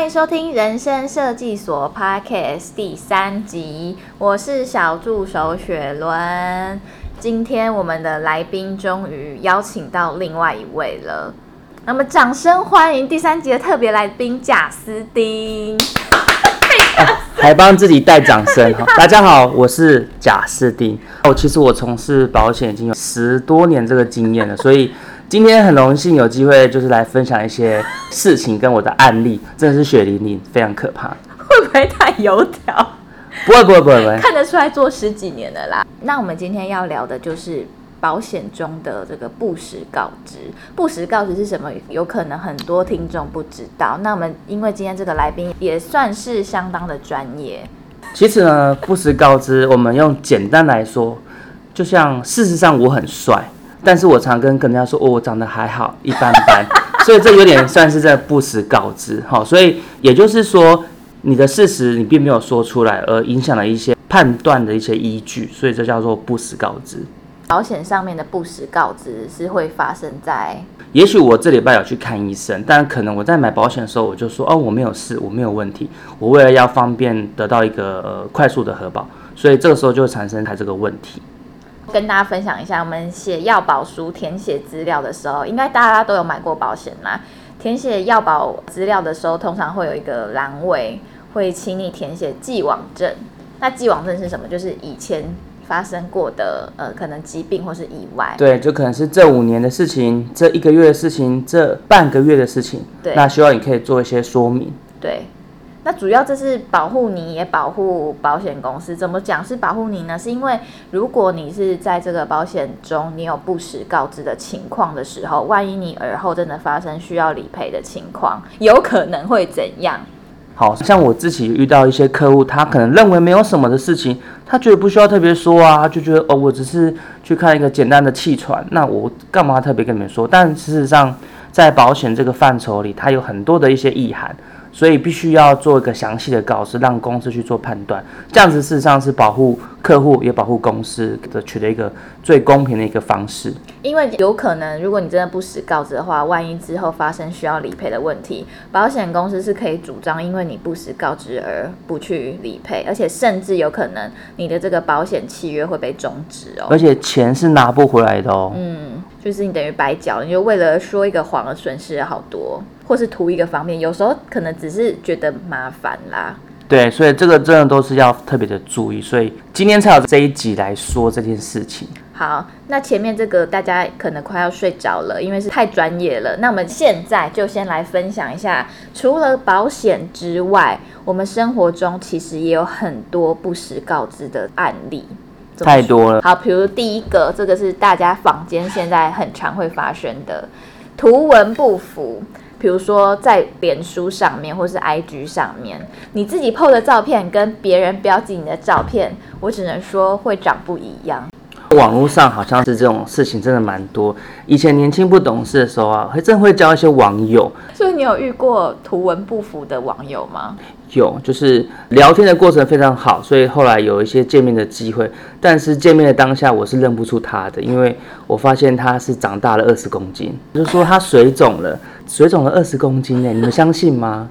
歡迎收聽《人生設計所》Podcast 第三集，我是小助手雪倫。今天我們的來賓終於邀請到另外一位了，那麼掌聲歡迎第三集的特別來賓賈斯汀，啊。還幫自己帶掌聲 大家好，我是賈斯汀。哦，其實我從事保險已經有十多年這個經驗了， 所以。今天很榮幸有機會，就是來分享一些事情跟我的案例，真的是血淋淋，非常可怕。會不會太油條？不會，不會不會不會，看得出來做十幾年了啦。那我們今天要聊的就是保險中的這個不實告知。不實告知是什麼？有可能很多聽眾不知道。那我們因為今天這個來賓也算是相當的專業。其實呢，不實告知，我們用簡單來說，就像事實上我很帥。但是我常跟跟人家說，哦，我長得還好，一般般， 所以這有點算是在不實告知，哈、哦，所以也就是說，你的事實你並沒有說出來，而影響了一些判斷的一些依據，所以這叫做不實告知。保險上面的不實告知是會發生在，也許我這禮拜有去看醫生，但可能我在買保險的時候，我就說，哦，我沒有事，我沒有問題，我為了要方便得到一個、呃、快速的核保，所以這個時候就會產生它這個問題。跟大家分享一下，我們寫要保書填寫資料的時候，應該大家都有買過保險啦。填寫要保資料的時候，通常會有一個欄位，會請你填寫既往症。那既往症是什麼？就是以前發生過的呃，可能疾病或是意外。對，就可能是這五年的事情，這一個月的事情，這半個月的事情。對，那希望你可以做一些說明。對。那主要這是保護你，也保護保險公司。怎麼講是保護你呢？是因為如果你是在這個保險中，你有不實告知的情況的時候，萬一你而後，真的發生需要理賠的情況，有可能會怎樣？好，像我自己遇到一些客戶，他可能認為沒有什麼的事情，他覺得不需要特別說啊，他就覺得哦，我只是去看一個簡單的氣喘，那我幹嘛特別跟你們說？但事實上，在保險這個範疇裡，它有很多的一些意涵。所以必須要做一個詳細的告知，讓公司去做判斷，這樣子事實上是保護，客戶也保護公司的取得一個最公平的一個方式，因為有可能，如果你真的不實告知的話，萬一之後發生需要理賠的問題，保險公司是可以主張，因為你不實告知而不去理賠，而且甚至有可能你的這個保險契約會被終止哦，而且錢是拿不回來的哦。嗯，就是你等於白繳，你就為了說一個謊而損失了好多，或是圖一個方便，有時候可能只是覺得麻煩啦。對，所以這個真的都是要特別的注意，所以今天才有這一集來說這件事情。好，那前面這個大家可能快要睡着了，因為是太專業了。那我們現在就先來分享一下，除了保險之外，我們生活中其實也有很多不實告知的案例。太多了。好，比如第一個，這個是大家坊間現在很常會發生的圖文不符。比如說，在臉書上面或是 IG 上面，你自己 PO 的照片跟別人標記你的照片，我只能說會長不一樣。網絡上好像是這種事情真的蠻多。以前年輕不懂事的時候啊，還真會交一些網友。所以你有遇過圖文不符的網友嗎？有，就是聊天的過程非常好，所以後來有一些見面的機會。但是見面的當下，我是認不出他的，因為我發現他是長大了二十公斤，就是說他水腫了。水腫了二十公斤呢，欸，你們相信嗎？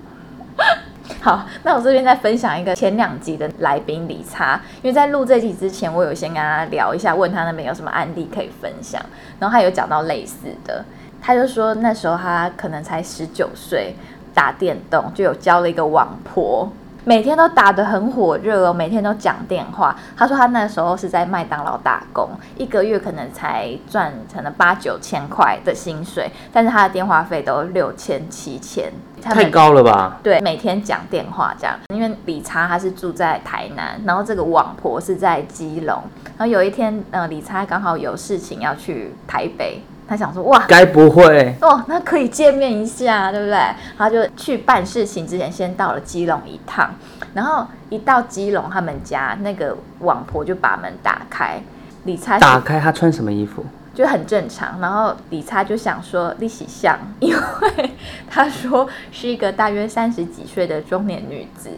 好，那我這邊再分享一個前兩集的來賓理查，因為在錄這集之前，我有先跟他聊一下，問他那邊有什麼案例可以分享，然後他有講到類似的，他就說那時候他可能才十九歲，打電動就有交了一個網婆。每天都打得很火熱哦，每天都講電話。他說他那時候是在麥當勞打工，一個月可能才賺成了八九千塊的薪水，但是他的電話費都六千七千，太高了吧？對，每天講電話這樣，因為理查他是住在台南，然後這個王婆是在基隆，然後有一天嗯，理查剛好有事情要去台北。他想說哇，該不會哦，那可以見面一下，對不對？他就去辦事情之前，先到了基隆一趟，然後一到基隆，他們家那個網婆就把門打開，理查打開，她穿什麼衣服？就很正常。然後理查就想說，利息像因為他說是一個大約三十幾歲的中年女子。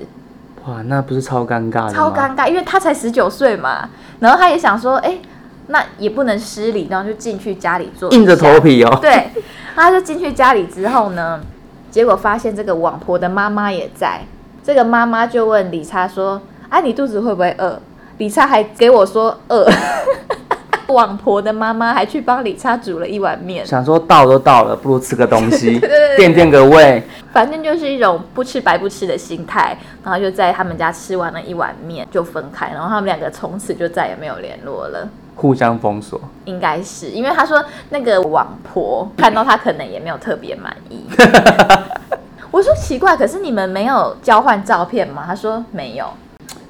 哇，那不是超尷尬的嗎？超尷尬，因為她才十九歲嘛。然後他也想說，哎、欸。那也不能失禮，然後就進去家裡坐，硬着頭皮哦。對，他就進去家裡之後呢，結果發現這個網婆的媽媽也在。這個媽媽就問理查說：“哎、啊，你肚子會不會餓？”理查還給我說餓。網 婆的媽媽還去幫理查煮了一碗麵，想說到都到了，不如吃個東西，墊 墊個胃。反正就是一種不吃白不吃的心態，然後就在他們家吃完了一碗麵就分開，然後他們兩個從此就再也沒有聯絡了。互相封鎖，應該是因為他說那個網婆 看到他可能也沒有特別滿意。 我說奇怪，可是你們沒有交換照片嗎？他說沒有。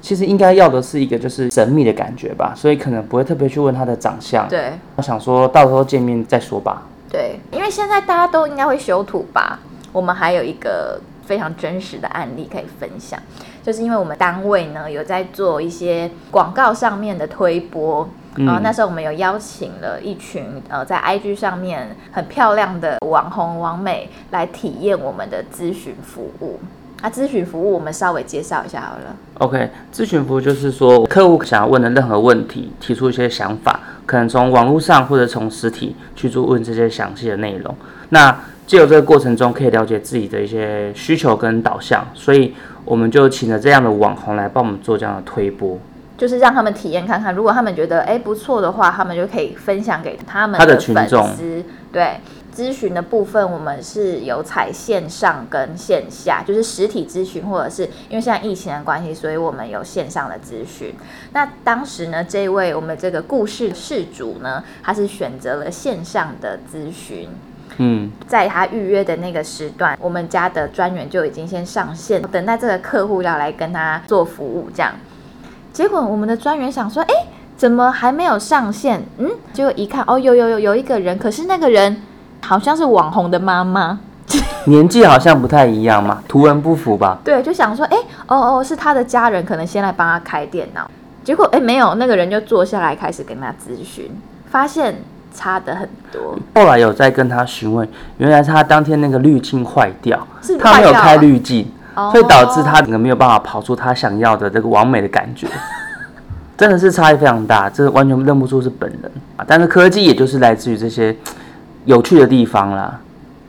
其實應該要的是一個就是神秘的感覺吧，所以可能不會特別去問他的長相。對，我想說到時候見面再說吧。對，因為現在大家都應該會修圖吧。我們還有一個非常真實的案例可以分享，就是因為我們單位呢有在做一些廣告上面的推播。然、嗯、後、哦，那時候我們有邀請了一群呃在 IG 上面很漂亮的網紅網美來體驗我們的諮詢服務啊，諮詢服務我們稍微介紹一下好了。OK，諮詢服務就是說客戶想要問的任何問題，提出一些想法，可能從網絡上或者從實體去做問這些詳細的內容。那借由這個過程中可以了解自己的一些需求跟導向，所以我們就請了這樣的網紅來幫我們做這樣的推播。就是讓他們體驗看看，如果他們覺得誒不錯的話，他們就可以分享給他們的粉絲。對，諮詢的部分我們是有採線上跟線下，就是實體諮詢或者是因為現在疫情的關係，所以我們有線上的諮詢。那當時呢，這位我們這個故事事主呢，他是選擇了線上的諮詢。嗯，在他預約的那個時段，我們家的專員就已經先上線，等待這個客戶要來跟他做服務，這樣。結果我們的專員想說，誒，怎麼還沒有上線？嗯，結果一看，哦，有有有，有一個人，可是那個人好像是網紅的媽媽， 年紀好像不太一樣嘛，圖文不符吧？對，就想說，哎，哦哦，是他的家人，可能先來幫他開電腦。結果，誒，沒有，那個人就坐下來開始跟他諮詢，發現差的很多。後來有再跟他詢問，原來是他當天那個濾鏡壞掉，是壞掉、啊，他沒有開濾鏡。會、oh. 導致他可能沒有辦法跑出他想要的這個完美的感覺，真的是差異非常大，這完全認不出是本人啊。但是科技也就是來自於這些有趣的地方啦。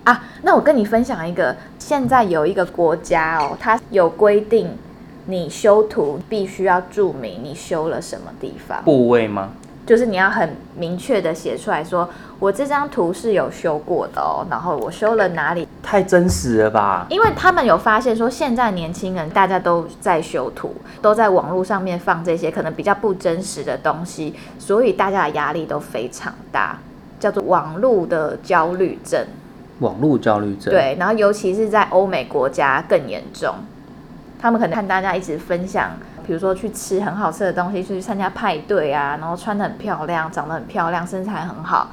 啊，那我跟你分享一個，現在有一個國家哦，它有規定，你修圖必須要注明你修了什麼地方，部位嗎？就是你要很明確的寫出來說，我這張圖是有修過的哦、喔，然後我修了哪裡？太真實了吧？因為他們有發現說，現在年輕人大家都在修圖，都在網絡上面放這些可能比較不真實的東西，所以大家的壓力都非常大，叫做網絡的焦慮症。網絡焦慮症，對。然後尤其是在歐美國家更嚴重，他們可能和大家一直分享。比如說去吃很好吃的東西，去參加派對啊，然後穿得很漂亮，長得很漂亮，身材很好，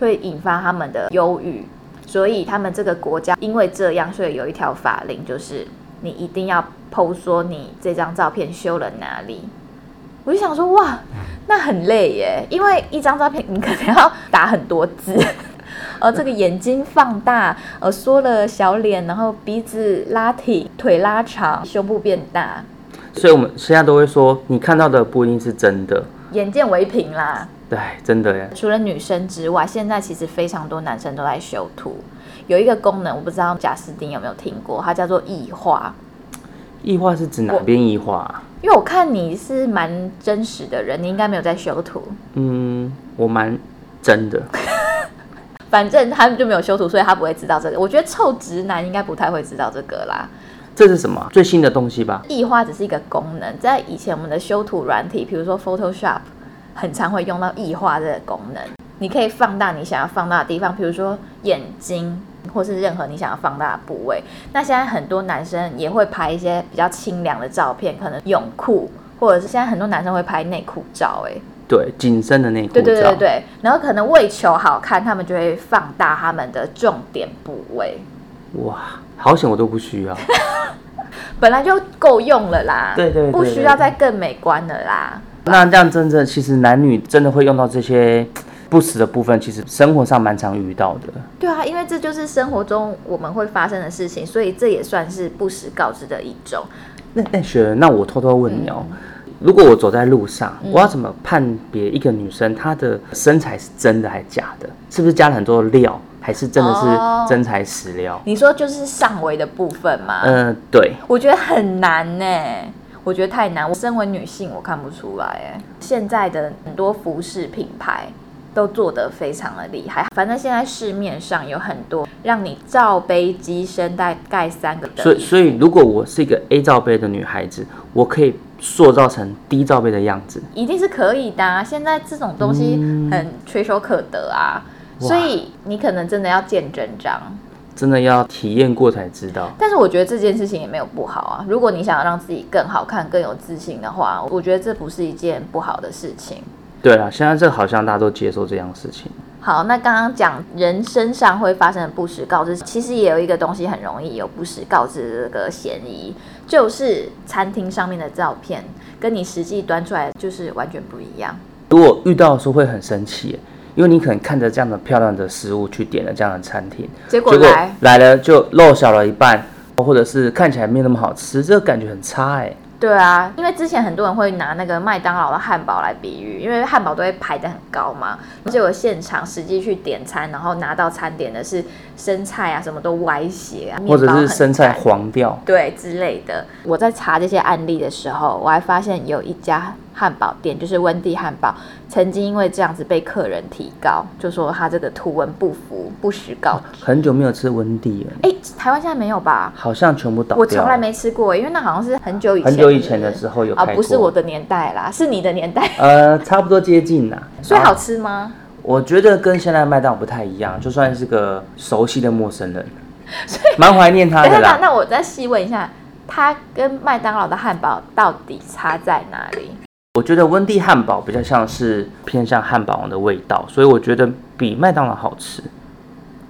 會引發他們的憂鬱。所以他們這個國家因為這樣，所以有一條法令就是你一定要 PO 說你這張照片修了哪裡。我就想說哇，那很累耶，因為一張照片你可能要打很多字。呃，這個眼睛放大，呃，縮了小臉，然後鼻子拉挺，腿拉長，胸部變大。所以我們現在都會說，你看到的不一定是真的，眼見為憑啦。對，真的耶。除了女生之外，現在其實非常多男生都在修圖。有一個功能，我不知道賈斯汀有沒有聽過，它叫做異化。異化是指哪邊異化啊？因為我看你是蠻真實的人，你應該沒有在修圖。嗯，我蠻真的 。反正他就沒有修圖，所以他不會知道這個。我覺得臭直男應該不太會知道這個啦。這是什麼最新的東西吧？液化只是一個功能，在以前我們的修圖軟體，比如說 Photoshop，很常會用到液化這個功能。你可以放大你想要放大的地方，比如說眼睛，或是任何你想要放大的部位。那現在很多男生也會拍一些比較清涼的照片，可能泳褲，或者是現在很多男生會拍內褲照、欸，誒，對，緊身的內褲對對對對對，然後可能為求好看，他們就會放大他們的重點部位。哇，好險！我都不需要， 本來就夠用了啦。對對，對，對，對對，不需要再更美觀了啦。那這樣真正其實男女真的會用到這些不實的部分，其實生活上蠻常遇到的。對啊，因為這就是生活中我們會發生的事情，所以這也算是不實告知的一種。那那雪那我偷偷問你哦、喔。嗯如果我走在路上，嗯、我要怎麼判別一個女生她的身材是真的還是假的？是不是加了很多料，還是真的是真材實料？哦、你說就是上圍的部分嗎？嗯、呃，對。我覺得很難呢，我覺得太難。我身為女性，我看不出來耶。現在的很多服飾品牌都做得非常的厲害。反正現在市面上有很多讓你罩杯、機身、帶蓋三個的。所以，所以如果我是一個 A 罩杯的女孩子，我可以。塑造成低罩杯的樣子，一定是可以的啊！現在這種東西很垂手可得啊、嗯，所以你可能真的要見真章，真的要體驗過才知道。但是我覺得這件事情也沒有不好啊，如果你想要讓自己更好看、更有自信的話，我覺得這不是一件不好的事情。對了、啊，現在這好像大家都接受這樣的事情。好，那剛剛講人身上會發生的不實告知，其實也有一個東西很容易有不實告知的這個嫌疑。就是餐廳上面的照片，跟你實際端出來就是完全不一樣。如果遇到的時候會很生氣，因為你可能看着這樣的漂亮的食物去點了這樣的餐廳，結果來了就漏小了一半，或者是看起來沒那麼好吃，這個感覺很差哎。對啊，因為之前很多人會拿那個麥當勞的漢堡來比喻，因為漢堡都會排得很高嘛。而且我現場實際去點餐，然後拿到餐點的是生菜啊，什麼都歪斜啊，或者是生菜黃掉，對之類的。我在查這些案例的時候，我還發現有一家。漢堡店就是溫蒂漢堡，曾經因為這樣子被客人提告，就說他這個圖文不符，不實告知、哦。很久沒有吃溫蒂了。哎、欸，臺灣現在沒有吧？好像全部倒了。我從來沒吃過，因為那好像是很久以前、那個，很久以前的時候有。啊、哦，不是我的年代啦，是你的年代。呃，差不多接近啦。 所以好吃嗎？我覺得跟現在麥當勞不太一樣，就算是個熟悉的陌生人，所以蠻懷念它的啦。那我再細問一下，它跟麥當勞的漢堡到底差在哪裡？我覺得溫蒂漢堡比較像是偏向漢堡王的味道，所以我覺得比麥當勞好吃。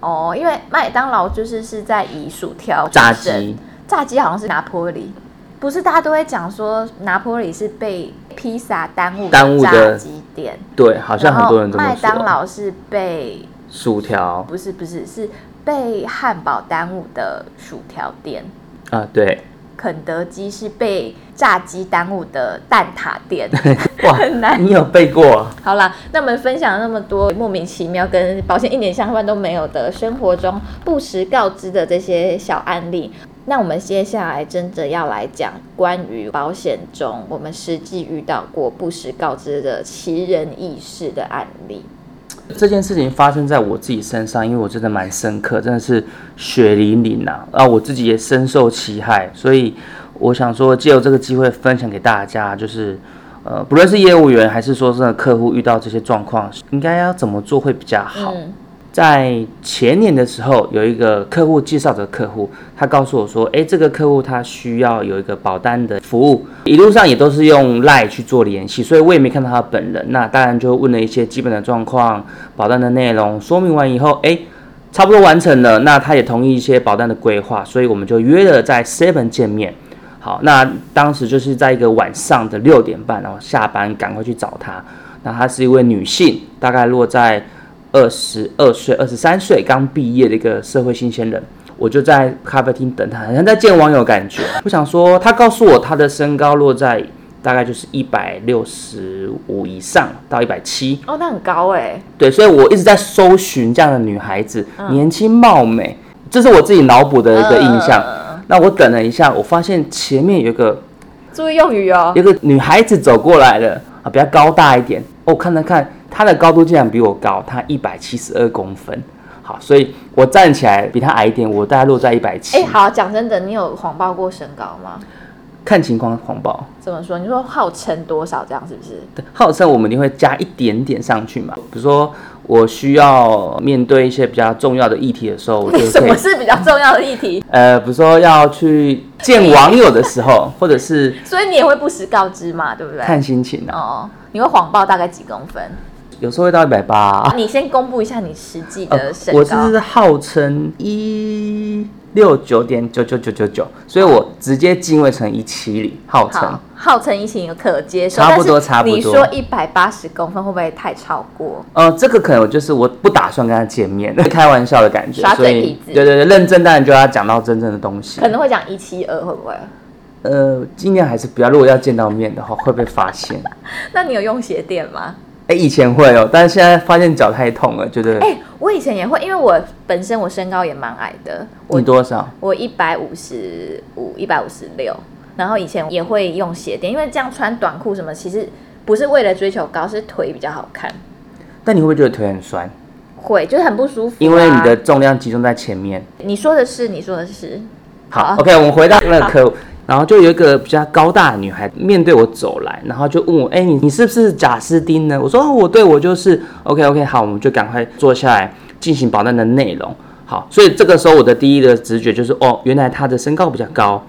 哦，因為麥當勞就是是在以薯條、炸雞、炸雞好像是拿坡里，不是大家都會講說拿坡里是被披薩耽誤耽誤的炸雞店，對，好像很多人都麥當勞是被薯條，不是不是是被漢堡耽誤的薯條店啊，對。肯德基是被炸雞耽誤的蛋撻店，我 很難。你有背過、啊？好啦，那我們分享了那麼多莫名其妙跟保險一點相關都沒有的生活中不實告知的這些小案例，那我們接下來真的要來講關於保險中我們實際遇到過不實告知的奇人異事的案例。這件事情發生在我自己身上，因為我真的蠻深刻，真的是血淋淋吶、啊！啊，我自己也深受其害，所以我想說，借由這個機會分享給大家，就是，呃，不論是業務員還是說真的客戶遇到這些狀況，應該要怎麼做會比較好？嗯在前年的時候，有一個客戶介紹的客戶，他告訴我說：“誒，這個客戶他需要有一個保單的服務，一路上也都是用 LINE 去做聯繫，所以我也沒看到他本人。那當然就問了一些基本的狀況、保單的內容。說明完以後，誒，差不多完成了，那他也同意一些保單的規劃，所以我們就約了在 Seven 見面。好，那當時就是在一個晚上的六點半，然後下班趕快去找他。那他是一位女性，大概落在。”二十二歲、二十三歲剛畢業的一個社會新鮮人，我就在咖啡廳等他，好像在見網友感覺。我想說，他告訴我他的身高落在大概就是一百六十五以上到一百七哦，那很高哎、欸。對，所以我一直在搜尋這樣的女孩子，嗯、年輕貌美，這是我自己腦補的一個印象、嗯。那我等了一下，我發現前面有一個注意用語哦，有個女孩子走過來了啊，比較高大一點哦，看了看。他的高度竟然比我高，他一百七十二公分。好，所以我站起來比他矮一點，我大概落在一百七。哎、欸，好，講真的，你有謊報過身高嗎？看情況謊報。怎麼說？你說號稱多少這樣是不是？對，號稱我們一定會加一點點上去嘛。比如說，我需要面對一些比較重要的議題的時候，我就……什麼是比較重要的議題？呃，比如說要去見網友的時候，欸、或者是……所以你也會不實告知嘛，對不對？看心情啊。哦，你會謊報大概幾公分？有時候會到一百八，你先公布一下你實際的身高。呃、我是號稱一六九點九九九九九，所以我直接進位成一七零。號稱號稱一七零可接受，差不多差不多。你說一百八十公分會不會太超過？呃，這個可能就是我不打算跟他見面，開玩笑的感覺。耍嘴皮子，對對對，認真當然就要講到真正的東西。可能會講一七二，會不會？呃，盡量還是不要。如果要見到面的話，會被發現？ 那你有用鞋墊嗎？以前會哦，但是現在發現腳太痛了，覺得。哎、欸，我以前也會，因為我本身我身高也蠻矮的。你多少？我一百五十五，一百五十六。然後以前也會用鞋墊，因為這樣穿短褲什麼，其實不是為了追求高，是腿比較好看。但你會不會覺得腿很酸？會，就是很不舒服、啊。因為你的重量集中在前面。你說的是，你說的是。好，好、啊、，OK，我們回到那個。然後就有一個比較高大的女孩面對我走來，然後就問我：“哎、欸，你你是不是賈斯汀呢？”我說：“我、哦、對我就是 OK OK 好，我們就趕快坐下來進行保單的內容。好，所以這個時候我的第一個直覺就是哦，原來她的身高比較高，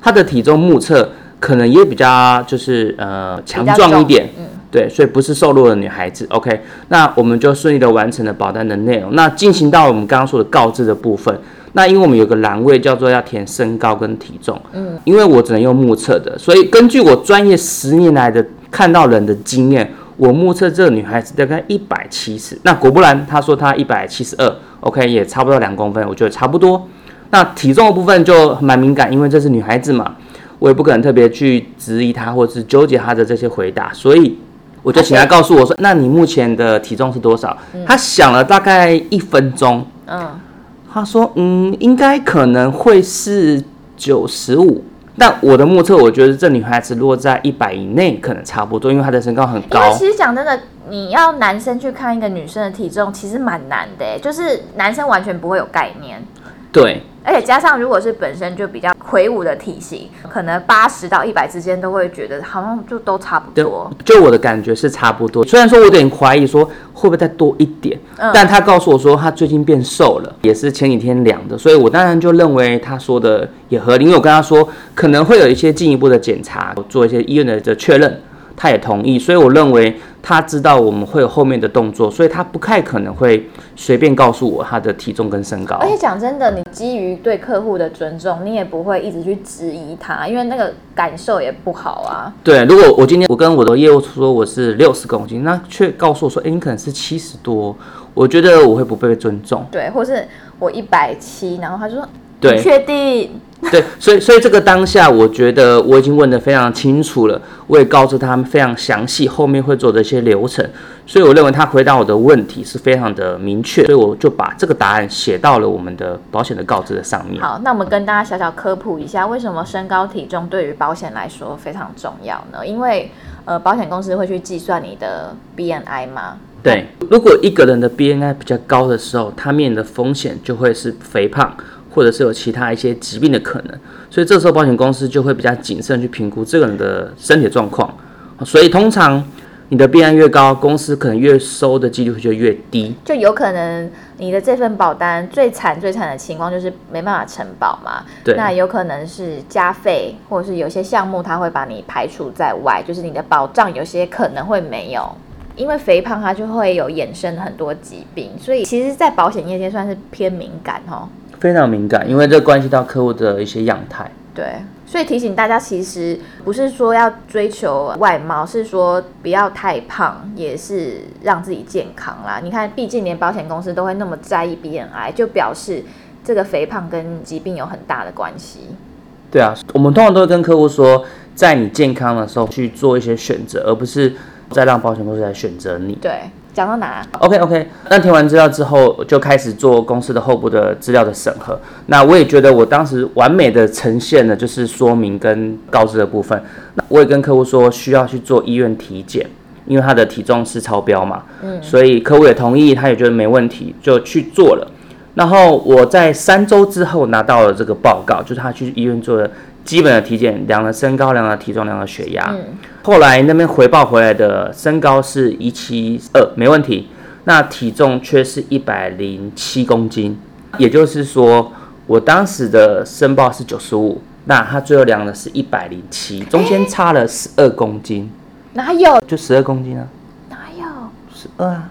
她的體重目測可能也比較就是呃強壯一點、嗯，對，所以不是瘦弱的女孩子。OK，那我們就順利的完成了保單的內容。那進行到我們剛剛說的告知的部分。那因為我們有個欄位叫做要填身高跟體重，嗯，因為我只能用目測的，所以根據我專業十年來的看到人的經驗，我目測這個女孩子大概一百七十。那果不然，她說她一百七十二，OK，也差不多兩公分，我覺得差不多。那體重的部分就蠻敏感，因為這是女孩子嘛，我也不可能特別去質疑她或是糾結她的這些回答，所以我就請她告訴我說，Okay. 那你目前的體重是多少？她、嗯、想了大概一分鐘，嗯。他說：“嗯，應該可能會是九十五。但我的目測，我覺得這女孩子落在一百以內可能差不多，因為她的身高很高。因為其實講真的，你要男生去看一個女生的體重，其實蠻難的、欸，就是男生完全不會有概念。”對。而且加上，如果是本身就比較魁梧的體型，可能八十到一百之間都會覺得好像就都差不多就。就我的感覺是差不多，雖然說我有點懷疑說會不會再多一點，嗯、但他告訴我說他最近變瘦了，也是前幾天量的，所以我當然就認為他說的也合理，因為我跟他說可能會有一些進一步的檢查，做一些醫院的的確認。他也同意，所以我認為他知道我們會有後面的動作，所以他不太可能會隨便告訴我他的體重跟身高。而且講真的，你基於對客戶的尊重，你也不會一直去質疑他，因為那個感受也不好啊。對，如果我今天我跟我的業務說我是六十公斤，那卻告訴我說，誒、欸，你可能是七十多，我覺得我會不被尊重。對，或是我一百七，然後他就說，對，你確定。對，所以所以這個當下，我覺得我已經問得非常清楚了，我也告知他們非常詳細後面會做的一些流程，所以我認為他回答我的問題是非常的明確，所以我就把這個答案寫到了我們的保險的告知的上面。好，那我們跟大家小小科普一下，為什麼身高體重對於保險來說非常重要呢？因為呃，保險公司會去計算你的 BMI 嗎？對，如果一個人的 BMI 比較高的時候，他面臨的風險就會是肥胖。或者是有其他一些疾病的可能，所以這時候保險公司就會比較謹慎去評估這個人的身體狀況。所以通常你的病案越高，公司可能越收的幾率就越低。就有可能你的這份保單最慘最慘的情況就是沒辦法承保嘛。對。那有可能是加費，或者是有些項目它會把你排除在外，就是你的保障有些可能會沒有。因為肥胖它就會有衍生很多疾病，所以其實在保險業界算是偏敏感哦。非常敏感，因為這關係到客戶的一些樣態。對，所以提醒大家，其實不是說要追求外貌，是說不要太胖，也是讓自己健康啦。你看，畢竟連保險公司都會那麼在意 BMI，就表示這個肥胖跟疾病有很大的關係。對啊，我們通常都會跟客戶說，在你健康的時候去做一些選擇，而不是再讓保險公司來選擇你。對。講到哪？OK OK，那填完資料之後，就開始做公司的後部的資料的審核。那我也覺得我當時完美的呈現了，就是說明跟告知的部分。那我也跟客戶說需要去做醫院體檢，因為他的體重是超標嘛。嗯，所以客戶也同意，他也覺得沒問題，就去做了。然後我在三周之後拿到了這個報告，就是他去醫院做的。基本的體檢，量了身高，量了體重，量了血壓。嗯。後來那邊回報回來的身高是一七二，沒問題。那體重卻是一百零七公斤，也就是說我當時的申報是九十五，那他最後量的是一百零七，中間差了十二公斤。哪、欸、有？就十二公斤啊。哪有？十二啊。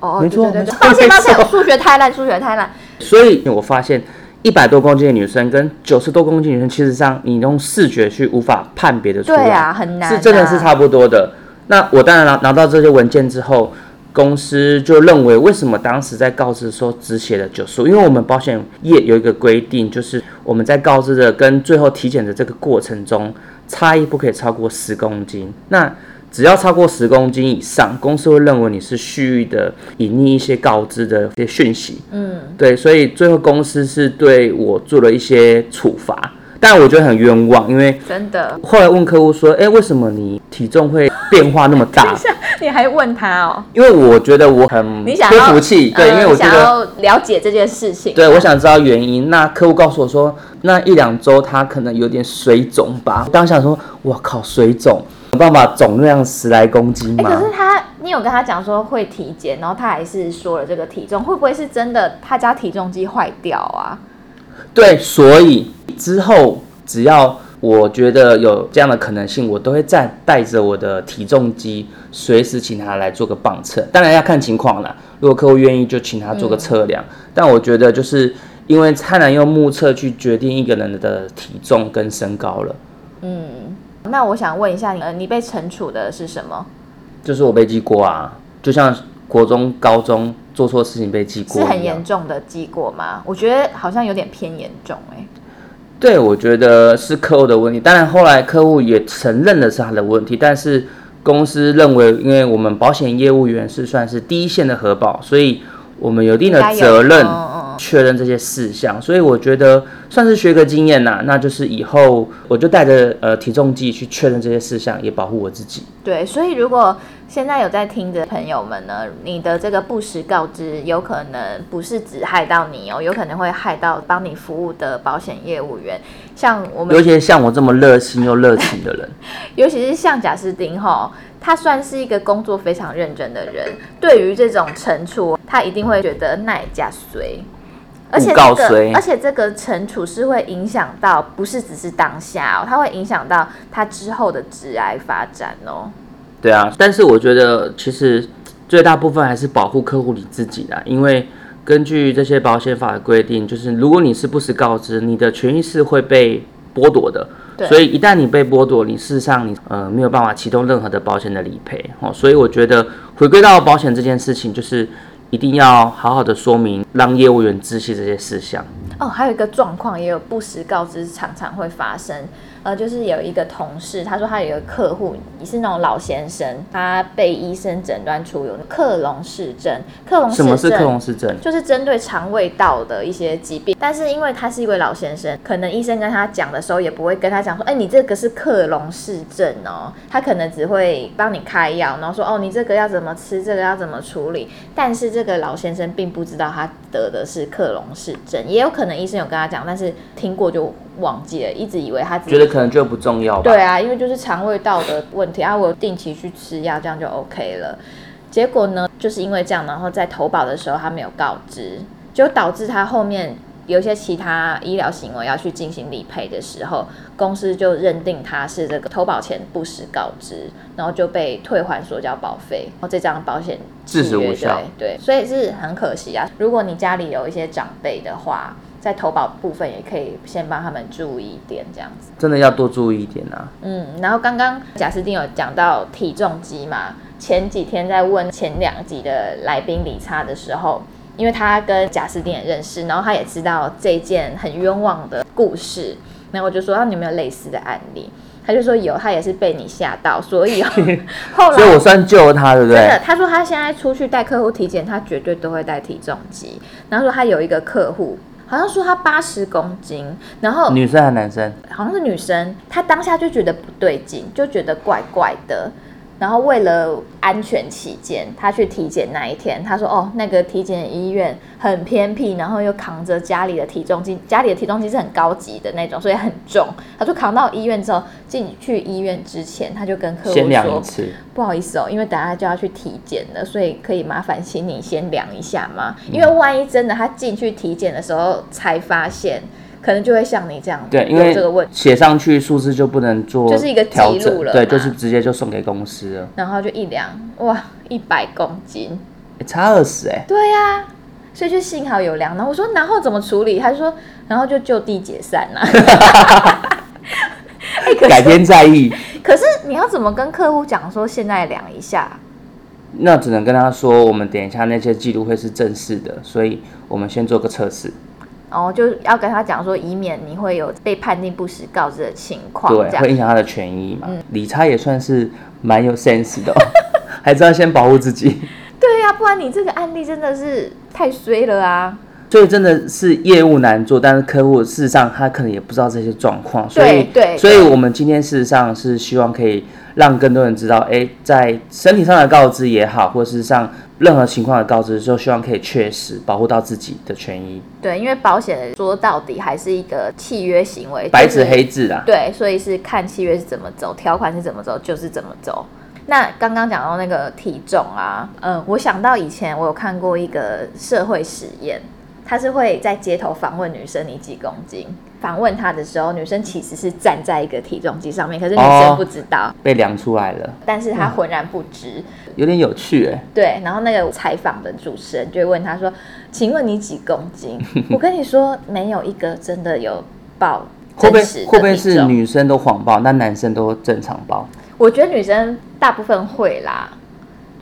哦，哦，沒錯，對對對對，沒錯，抱歉抱歉，數學太爛，數學太爛。所以，我發現。一百多公斤的女生跟九十多公斤女生，其實上你用視覺去無法判別的出來，對啊，很難啊，是真的是差不多的。那我當然拿拿到這些文件之後，公司就認為為什麼當時在告知說只寫了九十，因為我們保險業有一個規定，就是我們在告知的跟最後體檢的這個過程中，差異不可以超過十公斤。那只要超過十公斤以上，公司會認為你是蓄意的隱匿一些告知的一些訊息。嗯，對，所以最後公司是對我做了一些處罰，但我覺得很冤枉，因為真的。後來問客戶說：“哎，為什麼你體重會變化那麼大？”你還問他哦？因為我覺得我很不服氣，對，因為我覺得、呃、想要了解這件事情。對，我想知道原因。那客戶告訴我說，那一兩周他可能有點水腫吧。我想說：“我靠，水腫。”辦法總量十來公斤嗎？欸，可是他，你有跟他講說會體檢，然後他還是說了這個體重，會不會是真的？他家體重機壞掉啊？對，所以之後只要我覺得有這樣的可能性，我都會再帶着我的體重機，隨時請他來做個磅測。當然要看情況了，如果客戶願意，就請他做個測量。嗯。但我覺得，就是因為太難用目測去決定一個人的體重跟身高了。嗯。那我想問一下你，你被懲處的是什麼？就是我被記過啊，就像國中、高中做錯事情被記過，是很嚴重的記過嗎？我覺得好像有點偏嚴重哎、欸。對，我覺得是客戶的問題。當然後來客戶也承認了是他的問題，但是公司認為，因為我們保險業務員是算是第一線的核保，所以我們有一定的責任。確認這些事項，所以我覺得算是學個經驗啊，那就是以後我就帶着呃體重計去確認這些事項，也保護我自己。對，所以如果現在有在聽的朋友們呢，你的這個不實告知有可能不是只害到你哦，有可能會害到幫你服務的保險業務員。像我們尤其是像我這麼熱心又熱情的人， 尤其是像賈斯汀哈，他算是一個工作非常認真的人，對於這種懲處，他一定會覺得那也加而且這個，而且這個懲處是會影響到，不是只是當下哦，它會影響到他之後的職涯發展哦。對啊，但是我覺得其實最大部分還是保護客戶你自己的啊，因為根據這些保險法的規定，就是如果你是不實告知，你的權益是會被剝奪的。對。所以一旦你被剝奪，你事實上你呃沒有辦法啟動任何的保險的理賠。哦。所以我覺得回歸到保險這件事情，就是。一定要好好的說明，讓業務員知悉這些事項。哦，還有一個狀況，也有不實告知，常常會發生。呃，就是有一個同事，他說他有一個客戶，是那種老先生，他被醫生診斷出有克隆氏症。克隆氏症，什麼是克隆氏症？就是針對腸胃道的一些疾病。但是因為他是一位老先生，可能醫生跟他講的時候，也不會跟他講說，哎，你這個是克隆氏症哦。他可能只會幫你開藥，然後說，哦，你這個要怎麼吃，這個要怎麼處理。但是這個老先生並不知道他得的是克隆氏症，也有可能醫生有跟他講，但是聽過就。忘記了，一直以為他覺得可能就不重要。對啊，因為就是腸胃道的問題啊，我定期去吃藥，這樣就 OK 了。結果呢，就是因為這樣，然後在投保的時候他沒有告知，就導致他後面有一些其他醫療行為要去進行理賠的時候，公司就認定他是這個投保前不實告知，然後就被退還所交保費。然後這張保險自此無效，對，所以是很可惜啊。如果你家裡有一些長輩的話。在投保部分也可以先幫他們注意一點，這樣子真的要多注意一點啊。嗯，然後剛剛賈斯汀有講到體重機嘛，前幾天在問前兩集的來賓理查的時候，因為他跟賈斯汀也認識，然後他也知道這件很冤枉的故事，然後我就說他，你有沒有類似的案例？他就說有，他也是被你嚇到，所以 後來所以我算救了他，對不對？對的。他說他現在出去帶客戶體檢，他絕對都會帶體重機。然後說他有一個客戶。好像說她八十公斤，然後女生還是男生？好像是女生，她當下就覺得不對勁，就覺得怪怪的。然後為了安全起見，他去體檢那一天，他說：“哦，那個體檢醫院很偏僻，然後又扛着家裡的體重機，進家裡的體重機是很高級的那種，所以很重。他說扛到醫院之後，進去醫院之前，他就跟客戶說：先量一次。不好意思哦，因為等下就要去體檢了，所以可以麻煩請你先量一下嗎？嗯、因為萬一真的他進去體檢的時候才發現。”可能就會像你這樣，對，因為這個問寫上去數字就不能做，就是一個記錄了，對，就是直接就送給公司了。然後就一量，哇，一百公斤，差二十哎！對呀、啊，所以就幸好有量，然後我說，然後怎麼處理？他就說然後就就地解散了、啊。 改天再議。可是你要怎麼跟客戶講說現在量一下？那只能跟他說，我們等一下那些記錄會是正式的，所以我們先做個測試。然、哦、後就要跟他講說，以免你會有被判定不實告知的情況，對，會影響他的權益嘛。嗯、理查也算是蠻有 sense 的、哦， 還知道先保護自己。 對呀、啊，不然你這個案例真的是太衰了啊！所以真的是業務難做，但是客戶事實上他可能也不知道這些狀況，所以，對對對，所以我們今天事實上是希望可以讓更多人知道，哎，在身體上的告知也好，或是上任何情況的告知，就希望可以確實保護到自己的權益。對，因為保險說到底還是一個契約行為，就是、白紙黑字啦。對，所以是看契約是怎麼走，條款是怎麼走，就是怎麼走。那剛剛講到那個體重啊，嗯、呃，我想到以前我有看過一個社會實驗。他是會在街頭訪問女生，你幾公斤？訪問他的時候，女生其實是站在一個體重機上面，可是女生不知道、哦、被量出來了，但是他渾然不知，嗯、有點有趣哎。對，然後那個採訪的主持人就問他說：“請問你幾公斤？”我跟你說，沒有一個真的有報真實，會不會，不會是女生都謊報，那男生都正常報？我覺得女生大部分會啦。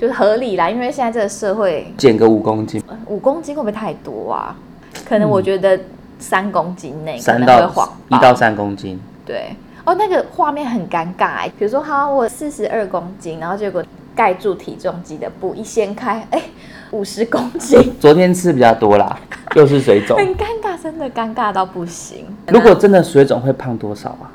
就合理啦，因為現在這個社會減個五公斤，呃，五公斤會不會太多啊？可能我覺得三公斤內，嗯，三到一到三公斤。對，哦，那個畫面很尷尬、欸。比如說，哈，我四十二公斤，然後結果蓋住體重機的布一掀開，哎、欸，五十公斤。昨天吃比較多啦，又是水腫， 很尷尬，真的尷尬到不行。如果真的水腫，會胖多少啊？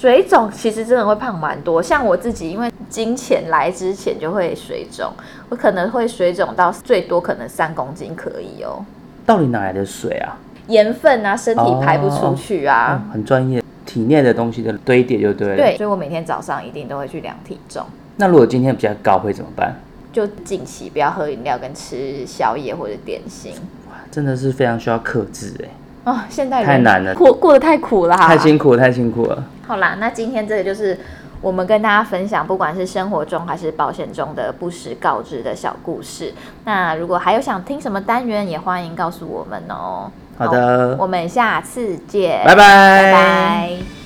水腫其實真的會胖蠻多，像我自己，因為金錢來之前就會水腫，我可能會水腫到最多可能三公斤，可以哦。到底哪來的水啊？鹽分啊，身體排不出去啊。哦，嗯，很專業，體內的東西的堆疊就對了。對，所以我每天早上一定都會去量體重。那如果今天比較高會怎麼辦？就近期不要喝飲料跟吃宵夜或者點心。哇，真的是非常需要克制誒。哦，現代人太難了，過過得太苦了，啊，太辛苦，太辛苦了。好啦，那今天這個就是我們跟大家分享，不管是生活中還是保險中的不實告知的小故事。那如果還有想聽什麼單元，也歡迎告訴我們哦。好的，哦，我們下次見，拜拜，拜拜。